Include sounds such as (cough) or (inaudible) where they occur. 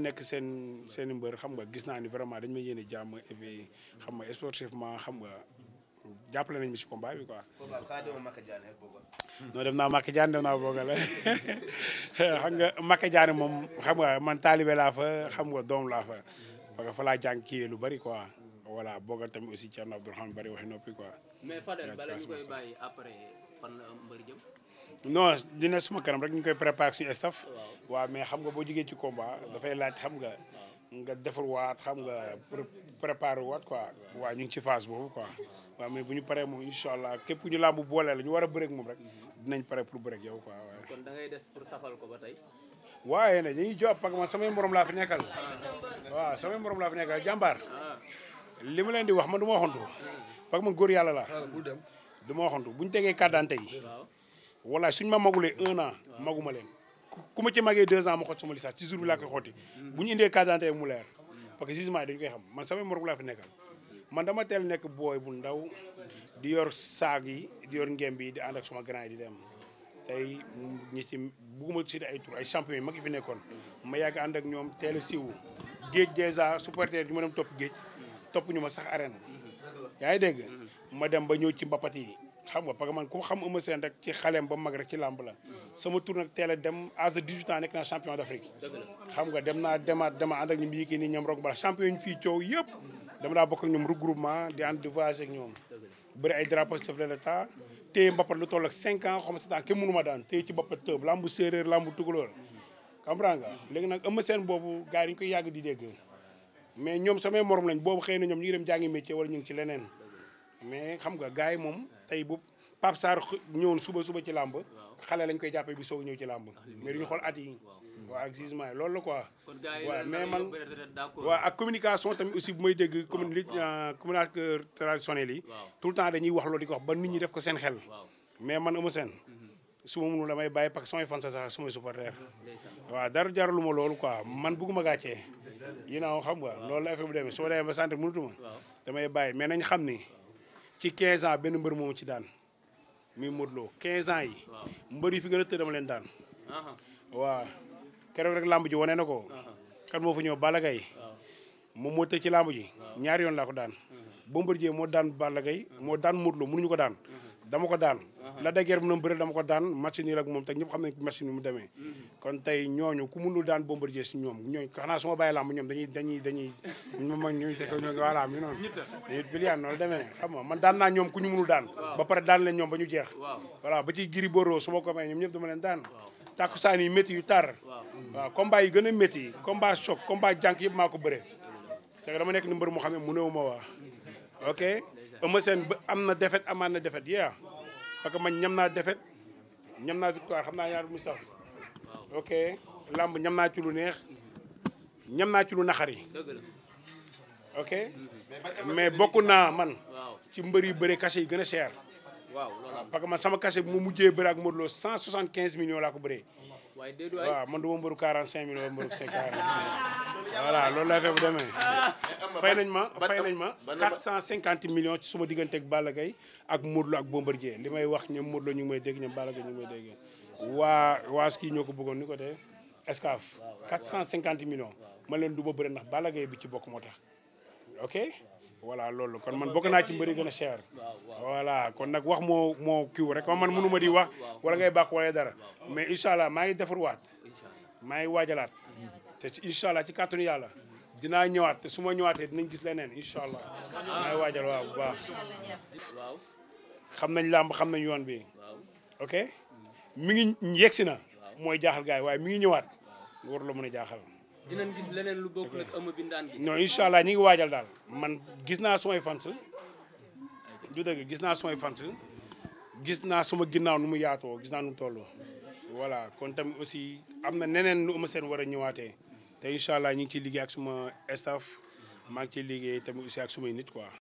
nekk seen seen mbër xam nga gis naa ni vraiment dañ ma yéene jàmm et xam nga sportivement xam nga jàppale nañ ma ci combat bi quoi. combat xaaral demoo Maka Diané ak Bogal. non naa Maka Diané dem naa Bogal (laughs) xam nga Maka Diané moom xam nga man taalibe xam nga doom laa fa parce que fa jàng kii lu bari quoi. voilà Bogal tamit aussi Thierno Abdourahmane bari waxi noppi quoi. mais Fadel non dina suma kanam rek ñu koy préparé suñu staff. waaw mais xam nga boo jugee ci combat dafay laaj xam nga. nga defar waat xam nga préparé waat quoi waa ñu ngi ci phase boobu quoi waa mais bu ñu paree moom incha allah képp ku ñu làmb boole la ñu war a moom rek dinañ pare pour bëreeg yow quoi waaye. kon da des pour safal ko ba tey. waaye nag dañuy job parce que man samay morom laa fi nekkal waaw samay morom laa fi nekkal jàmbaar li ma leen di wax man du ma waxantu parce que man góor yàlla laa ah, du ma waxantu bu ñu tegee carte d'identité yi walaay suñ ma magulee un maguma leen ku ma ci magee deux ans ma xot sama licence ci jour bi laa koy xotti bu ñu indee carte d'identité mu leer parce que jugement yi dañu koy xam man samay man dama teel nekk booy bu ndaw di yor saag yi di yor ngemb yi di ànd ak suma grand di dem tey ñi ci bugguma ay tur ay champion mag yi fi nekkoon ma yàgg ak ñoom teel a siiwu géej dèjà ma dem topp géej topp ñu ma sax arène ngi dégg dem ba ñëw ci mbapat yi xam nga parce que man ku xam Eumeu Sène rek ci xaleem ba mag ci làmb la sama tour nag teel a dem à 18 ans nekk naa champion d'Afrique xam nga dem naa demaat dama ànd ak ñoom Yékini ñoom Rock Balboa champion yi ñu fii coow yëpp dama daa bokk ak ñoom regroupement di ànd di voyage ak ay drapeau chef de l'État téye mbappat lu toll ak 5 ma kenn mënu daan téye ci mbappat tëb lambu séeréer lambu tukulóor comprends nga léegi nag Eumeu boobu gars yi koy yàgg di dégg mais ñoom samay morom lañ boobu xëy na ñoom ñu dem jàngi métier wala ñu ngi ci leneen mais xam nga gars yi moom tey bu Pape Sarr ñëwoon suba suba ci làmb xale lañ koy jàppee bi sow ñëw ci làmb mais duñu xool at yi ak la quoi. man waaw communication tamit aussi bu may dégg commune li euh, communicateur traditionnel yi. tout le temps dañuy wax loolu di ko wax ba nit ko seen xel. mais man amu seen. su ma mënul damay bàyyi parce que samay fans sax samay supporter waaw dara jaralu ma loolu quoi man bëgguma gàccee. yi naa xam nga loolu la affaire bu demee su ma demee nañ xam ni. ci 15 ans benn mbër moomu ci daan muy Modou Lo 15 ans yi. mbër yi fi gën a tëdd leen daan. waaw keroog rek làmb ji wane na ko. kan moo fu ñëw Balla moom moo tëj ci làmb ji. ñaari yoon laa ko daan. Bombardier moo daan Balla moo daan Modou Lo mënuñu ko daan. dama ko daan. la dageer mu doon bëri ko daan match nii la ak moom te ñëpp xam nañ match ni mu demee. Mhm. kon tey ñooñu ku mënul daan Bombardier si ñoom ñooñu xanaa su ma bàyyi làmb ñoom dañuy dañuy dañuy ñu ma ñuy ñoom biliyaan noonu demee xam nga daan naa ñoom ku ñu mënul daan. ba pare daan leen ñoom ba ñu jeex. voilà ba ci Gris Bordeaux su ma ko may ñoom ñëpp dama leen daan. tàkkusaan yi métti yu tar. waaw combat yi gën a métti combat choc combat jànk yëpp maa ko bëre. c'est que dama nekk ni mbër mu xam ne mënewu ma ok Eumeu Sène ba am na défaite amaan na défaite yaa parce que man ñam naa défaite ñam naa victoire xam naa ñaar bu mu saf ok làmb ñam naa ci lu neex ñam naa ci lu naxari ok mais bokk naa man ci mbër yu bëre cachet yi gën a cher Faka ah, man, sa mwa kache pou mwou mwenye brè ak mwou dlou, 175 milyon lakou brè. Mwen doun mwen brè 45 milyon, mwen brè 45 milyon. Wala, lola fe mwen doun men. Faya nenman, faya nenman, 450 milyon sou mwen digantek bala gayi ak mwou dlou ak mwen brè. Le mwen yo wak nyem mwou dlou, nyem mwen deg, nyem bala gayi, nyem mwen deg. Wa, wa, skye nyon kou boukoun nou kote. Eskaf, 450 milyon mwen lè lè nou bò brè nan bala gayi biti bok mwot la. Ok? voilà loolu kon man bokk naa ci mbëri gën a cher. voilà kon nag wax moo moo kiw rek man mënu ma di wax wala ngay bàkk wala dara mais incha allah maa ngi defarwaat maa ngi waajalaat te incha allah ci kàttanu yàlla dinaa ñëwaat te su ma ñëwaatee dinañ gis leneen incha allah maa ngi waajal waaw bu baax. xam nañ làmb xam nañ yoon bi ok mi ngi yegsi na mooy jaaxal gars waaye mi ngi ñëwaat waruloo mën a jaaxal. dinañ gis leneen lu bokk nag ëmb bi ndaan gi. non incha allah ñu ngi waajal daal. man gis naa sumay fans du dëgg gis naa sumay fans gis naa suma ginnaaw nu mu yaatoo gis naa nu mu tolloo voilà kon tamit aussi am na neneen nu Eumeu seen war a ñëwaatee te incha allah ñu ngi ciy liggéey ak suma staff maa ngi ciy liggéey tamit aussi ak sumay nit quoi.